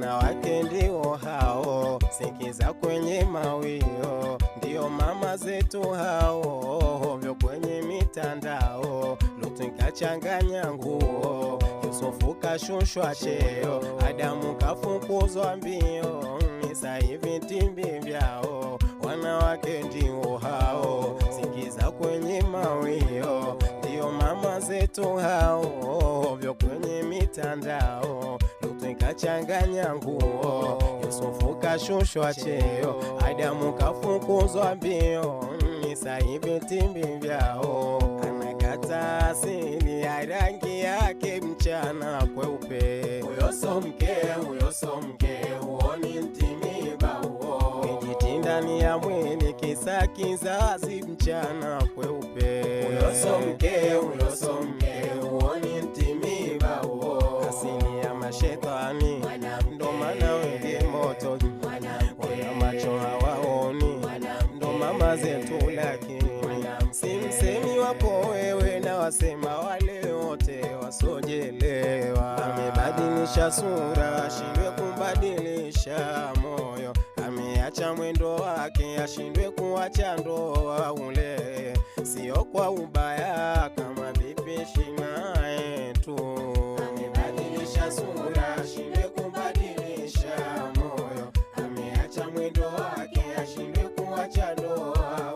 wanawake ndio hao, sikiza kwenye mawio, ndio mama zetu hao, hovyo kwenye mitandao, Lutu kachanganya nguo, Yusufu kashushwa cheo, Adamu kafukuzwa mbio, sasa hivi timbi vyao, wanawake ndio hao, sikiza kwenye mawio, ndio mama zetu hao, hovyo kwenye mitandao zikachanganya nguo, Yusufu kashushwa cheo, Adamu kafukuzwa mbio, Isa mm, hivi timbi vyao anakata asili ya rangi yake mchana kweupe. Huyo so mke, huyo so mke, huoni mtimiba huo, kijitindani ya mwili kisa kizazi mchana kweupe. Huyo so mke, huyo so shetani, ndo maana wengi moto, wana macho hawaoni, ndo mama zetu, lakini simsemi wapo wewe na wasema wale wote wasojelewa. Amebadilisha sura, ashindwe kubadilisha moyo, ameacha mwendo wake, ashindwe kuacha ndoa ule, sio kwa ubaya yeah, she knew what you know.